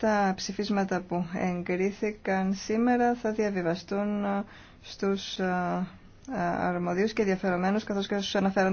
Τα ψηφίσματα που εγκρίθηκαν σήμερα θα διαβιβαστούν στους ε, ε, αρμοδίους και ενδιαφερομένους καθώς και στους αναφέρονται